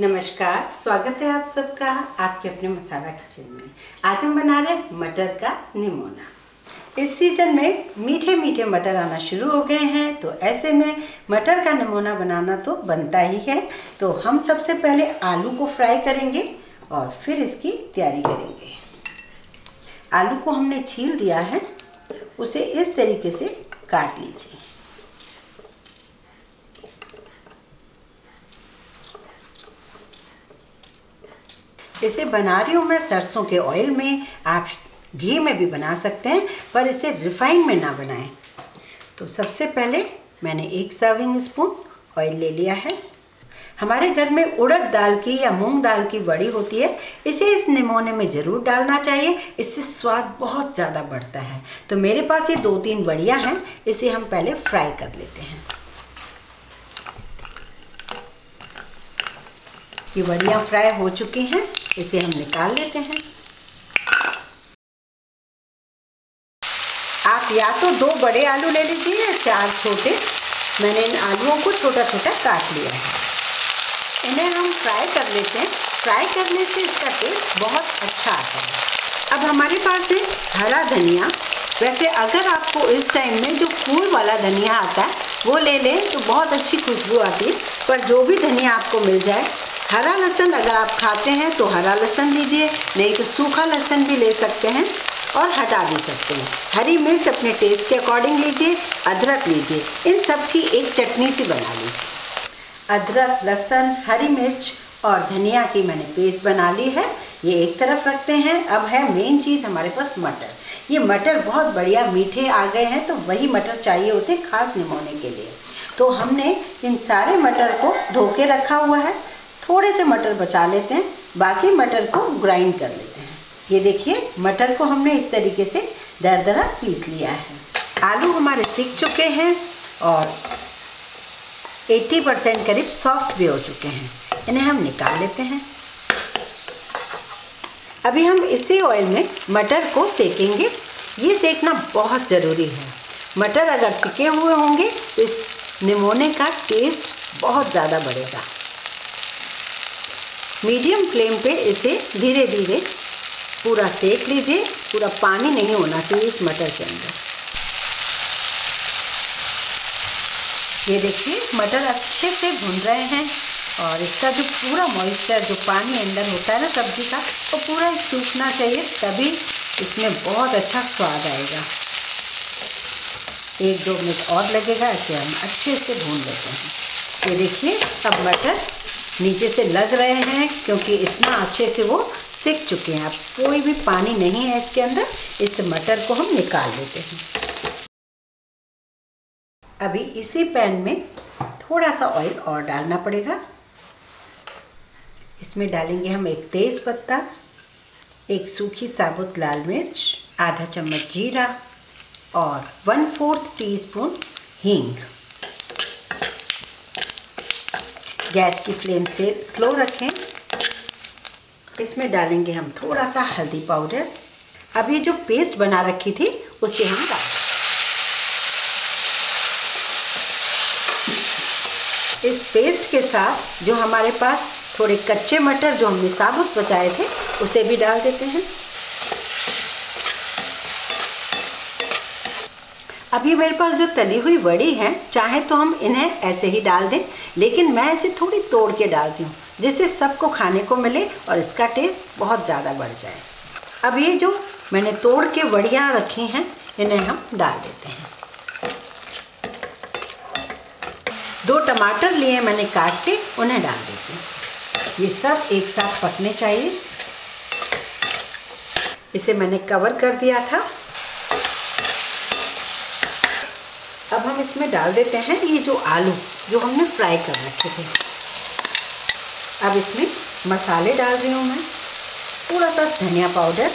नमस्कार स्वागत है आप सबका आपके अपने मसाला किचन में आज हम बना रहे हैं मटर का निमोना इस सीज़न में मीठे मीठे मटर आना शुरू हो गए हैं तो ऐसे में मटर का निमोना बनाना तो बनता ही है तो हम सबसे पहले आलू को फ्राई करेंगे और फिर इसकी तैयारी करेंगे आलू को हमने छील दिया है उसे इस तरीके से काट लीजिए इसे बना रही हूँ मैं सरसों के ऑयल में आप घी में भी बना सकते हैं पर इसे रिफाइन में ना बनाएं तो सबसे पहले मैंने एक सर्विंग स्पून ऑयल ले लिया है हमारे घर में उड़द दाल की या मूंग दाल की बड़ी होती है इसे इस निमोने में ज़रूर डालना चाहिए इससे स्वाद बहुत ज़्यादा बढ़ता है तो मेरे पास ये दो तीन बढ़िया हैं इसे हम पहले फ्राई कर लेते हैं ये बढ़िया फ्राई हो चुकी हैं इसे हम निकाल लेते हैं आप या तो दो बड़े आलू ले लीजिए या चार छोटे मैंने इन आलूओं को छोटा छोटा काट लिया है इन्हें हम फ्राई कर लेते हैं फ्राई करने से इसका टेस्ट बहुत अच्छा आता है अब हमारे पास है हरा धनिया वैसे अगर आपको इस टाइम में जो फूल वाला धनिया आता है वो ले लें तो बहुत अच्छी खुशबू आती है पर जो भी धनिया आपको मिल जाए हरा लहसन अगर आप खाते हैं तो हरा लहसन लीजिए नहीं तो सूखा लहसन भी ले सकते हैं और हटा भी सकते हैं हरी मिर्च अपने टेस्ट के अकॉर्डिंग लीजिए अदरक लीजिए इन सब की एक चटनी सी बना लीजिए अदरक लहसन हरी मिर्च और धनिया की मैंने पेस्ट बना ली है ये एक तरफ रखते हैं अब है मेन चीज़ हमारे पास मटर ये मटर बहुत बढ़िया मीठे आ गए हैं तो वही मटर चाहिए होते खास निमोने के लिए तो हमने इन सारे मटर को धो के रखा हुआ है थोड़े से मटर बचा लेते हैं बाकी मटर को ग्राइंड कर लेते हैं ये देखिए मटर को हमने इस तरीके से दर दरा पीस लिया है आलू हमारे सीख चुके हैं और 80 परसेंट करीब सॉफ्ट भी हो चुके हैं इन्हें हम निकाल लेते हैं अभी हम इसी ऑयल में मटर को सेकेंगे ये सेकना बहुत ज़रूरी है मटर अगर सिके हुए होंगे तो इस निमोने का टेस्ट बहुत ज़्यादा बढ़ेगा मीडियम फ्लेम पे इसे धीरे धीरे पूरा सेक लीजिए पूरा पानी नहीं होना चाहिए इस मटर के अंदर ये देखिए मटर अच्छे से भुन रहे हैं और इसका जो पूरा मॉइस्चर जो पानी अंदर होता है ना सब्जी का वो तो पूरा सूखना चाहिए तभी इसमें बहुत अच्छा स्वाद आएगा एक दो मिनट और लगेगा इसे हम अच्छे से भून लेते हैं ये देखिए अब मटर नीचे से लग रहे हैं क्योंकि इतना अच्छे से वो सिक चुके हैं अब कोई भी पानी नहीं है इसके अंदर इस मटर को हम निकाल लेते हैं अभी इसी पैन में थोड़ा सा ऑयल और डालना पड़ेगा इसमें डालेंगे हम एक तेज़ पत्ता एक सूखी साबुत लाल मिर्च आधा चम्मच जीरा और वन फोर्थ टीस्पून हींग गैस की फ्लेम से स्लो रखें इसमें डालेंगे हम थोड़ा सा हल्दी पाउडर अब ये जो पेस्ट बना रखी थी उसे हम डालें इस पेस्ट के साथ जो हमारे पास थोड़े कच्चे मटर जो हमने साबुत बचाए थे उसे भी डाल देते हैं अभी मेरे पास जो तली हुई बड़ी है चाहे तो हम इन्हें ऐसे ही डाल दें लेकिन मैं इसे थोड़ी तोड़ के डालती हूँ जिससे सबको खाने को मिले और इसका टेस्ट बहुत ज़्यादा बढ़ जाए अब ये जो मैंने तोड़ के वड़ियाँ रखी हैं इन्हें हम डाल देते हैं दो टमाटर लिए मैंने काट के उन्हें डाल देती हूँ ये सब एक साथ पकने चाहिए इसे मैंने कवर कर दिया था अब हम इसमें डाल देते हैं ये जो आलू जो हमने फ्राई कर रखे थे अब इसमें मसाले डाल रही हूँ मैं थोड़ा सा धनिया पाउडर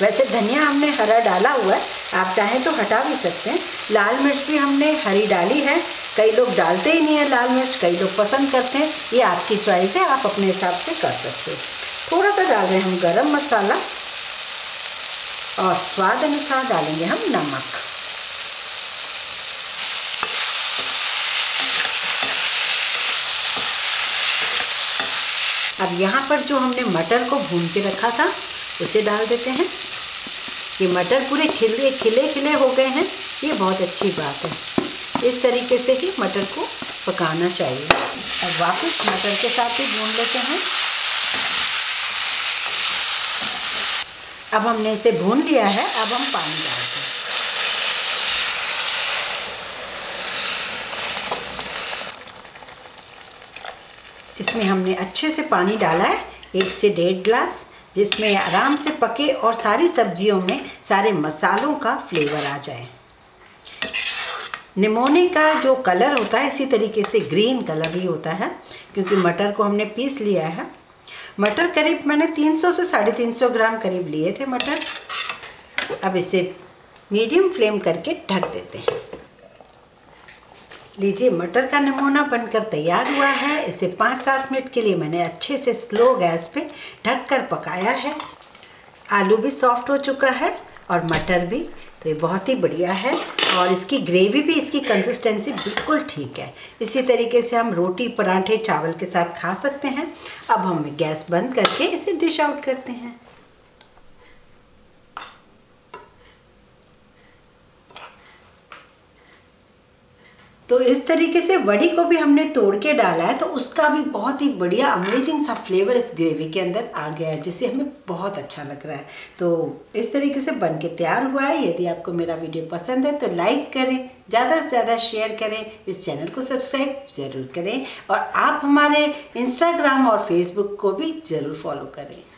वैसे धनिया हमने हरा डाला हुआ है आप चाहें तो हटा भी सकते हैं लाल मिर्च भी हमने हरी डाली है कई लोग डालते ही नहीं है लाल मिर्च कई लोग पसंद करते हैं ये आपकी चॉइस है आप अपने हिसाब से कर सकते हो थोड़ा सा डाल रहे हैं हम गरम मसाला और स्वाद अनुसार डालेंगे हम नमक अब यहाँ पर जो हमने मटर को भून के रखा था उसे डाल देते हैं ये मटर पूरे खिले खिले खिले हो गए हैं ये बहुत अच्छी बात है इस तरीके से ही मटर को पकाना चाहिए अब वापस मटर के साथ ही भून लेते हैं अब हमने इसे भून लिया है अब हम पानी डाल इसमें हमने अच्छे से पानी डाला है एक से डेढ़ ग्लास जिसमें आराम से पके और सारी सब्जियों में सारे मसालों का फ्लेवर आ जाए निमोने का जो कलर होता है इसी तरीके से ग्रीन कलर भी होता है क्योंकि मटर को हमने पीस लिया है मटर करीब मैंने 300 से साढ़े तीन ग्राम करीब लिए थे मटर अब इसे मीडियम फ्लेम करके ढक देते हैं लीजिए मटर का नमूना बनकर तैयार हुआ है इसे पाँच सात मिनट के लिए मैंने अच्छे से स्लो गैस पे ढक कर पकाया है आलू भी सॉफ्ट हो चुका है और मटर भी तो ये बहुत ही बढ़िया है और इसकी ग्रेवी भी इसकी कंसिस्टेंसी बिल्कुल ठीक है इसी तरीके से हम रोटी पराठे चावल के साथ खा सकते हैं अब हम गैस बंद करके इसे डिश आउट करते हैं तो इस तरीके से वड़ी को भी हमने तोड़ के डाला है तो उसका भी बहुत ही बढ़िया अमेजिंग सा फ्लेवर इस ग्रेवी के अंदर आ गया है जिससे हमें बहुत अच्छा लग रहा है तो इस तरीके से बन के तैयार हुआ है यदि आपको मेरा वीडियो पसंद है तो लाइक करें ज़्यादा से ज़्यादा शेयर करें इस चैनल को सब्सक्राइब ज़रूर करें और आप हमारे इंस्टाग्राम और फेसबुक को भी ज़रूर फॉलो करें